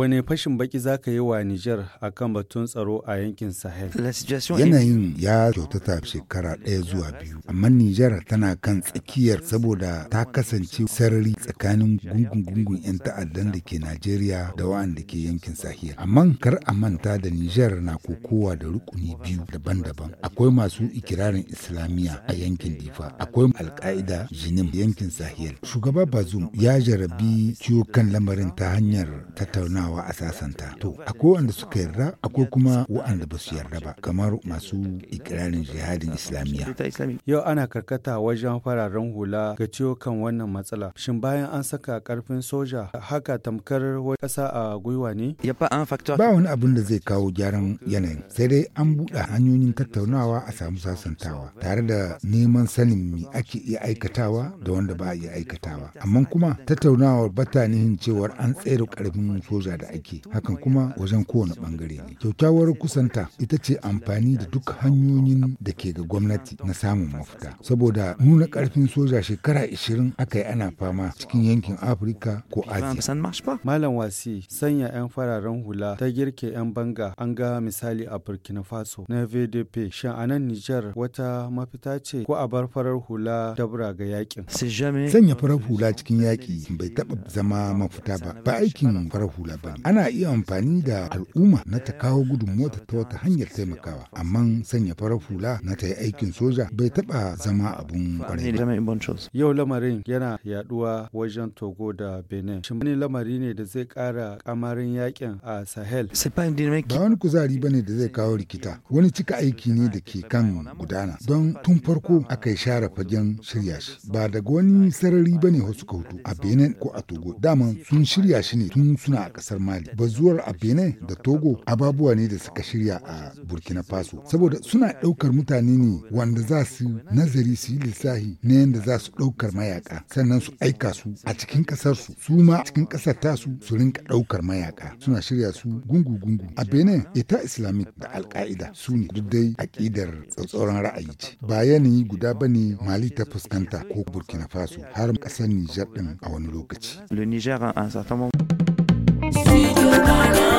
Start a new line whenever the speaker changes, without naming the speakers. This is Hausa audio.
Wane fashin baki za ka yi wa Nijar a kan batun tsaro a yankin Sahel? Yanayin
ya kyautata shekara ɗaya zuwa biyu, amma Nijar tana kan tsakiyar saboda ta kasance sarari tsakanin gungun-gungun 'yan ta'addan da ke Najeriya da wa'anda ke yankin Sahel. Amma kar a manta da Nijar na kokowa da rukuni biyu daban-daban. Akwai masu ikirarin Islamiyya a yankin Difa, akwai Al-Qaida Jinim yankin Sahel. Shugaba Bazum ya jarabi ciwo kan lamarin ta hanyar tattaunawa komawa a sasanta to akwai wanda suka yarda akwai kuma wanda ba su yarda ba kamar masu ikirarin jihadin islamiyya
yau ana karkata wajen fararen hula ga ciwo kan wannan matsala shin bayan an saka karfin soja haka tamkar wani ƙasa a gwiwa ne ba wani
abin da zai kawo gyaran yanayin sai dai an buɗe hanyoyin tattaunawa a samu sasantawa tare da neman sanin me ake iya aikatawa da wanda ba a iya aikatawa amma kuma tattaunawar ba cewar an tsere karfin soja da ake hakan kuma wajen kowane bangare ne kyakkyawar kusanta ita ce amfani da duk hanyoyin da ke ga gwamnati na samun mafita saboda nuna karfin soja shekara 20 aka yi ana fama cikin yankin afirka ko asiya
malam wasi sanya 'yan fararen hula ta girke 'yan banga an ga misali a burkina faso na vdp shan a nan nijar wata mafita ce ko a bar farar hula dabra ga yakin sanya
farar hula cikin yaki bai taba zama mafita ba ba aikin farar hula ba ba ana iya amfani da al'umma na ta kawo mota ta wata hanyar taimakawa amma sanya farar hula na ta yi aikin soja bai taba zama abun kwarai
yau lamarin yana yaduwa wajen togo da benin shin wani lamari ne da zai kara kamarin yakin a sahel ba
wani kuzari ba ne da zai kawo rikita wani cika aiki ne da ke kan gudana don tun farko aka yi share fagen shirya shi ba daga wani sarari ba ne wasu kautu a benin ko a togo dama sun shirya shi ne tun suna a kasar mali bazuwar a benin da togo ababuwa ne da suka shirya a burkina faso saboda suna ɗaukar mutane ne wanda za su nazari su yi lissahi na yadda za su ɗaukar mayaka sannan su aika su a cikin ƙasar su su ma cikin ƙasar ta su rinka ɗaukar mayaka suna shirya su gungu-gungu a benin ita islamic da alka'ida su ne duk dai aƙidar tsatsauran ra'ayi ce ba yanayi guda ba ne mali ta fuskanta ko burkina faso har ƙasar nijar ɗin a wani lokaci. Le a
Nirvana.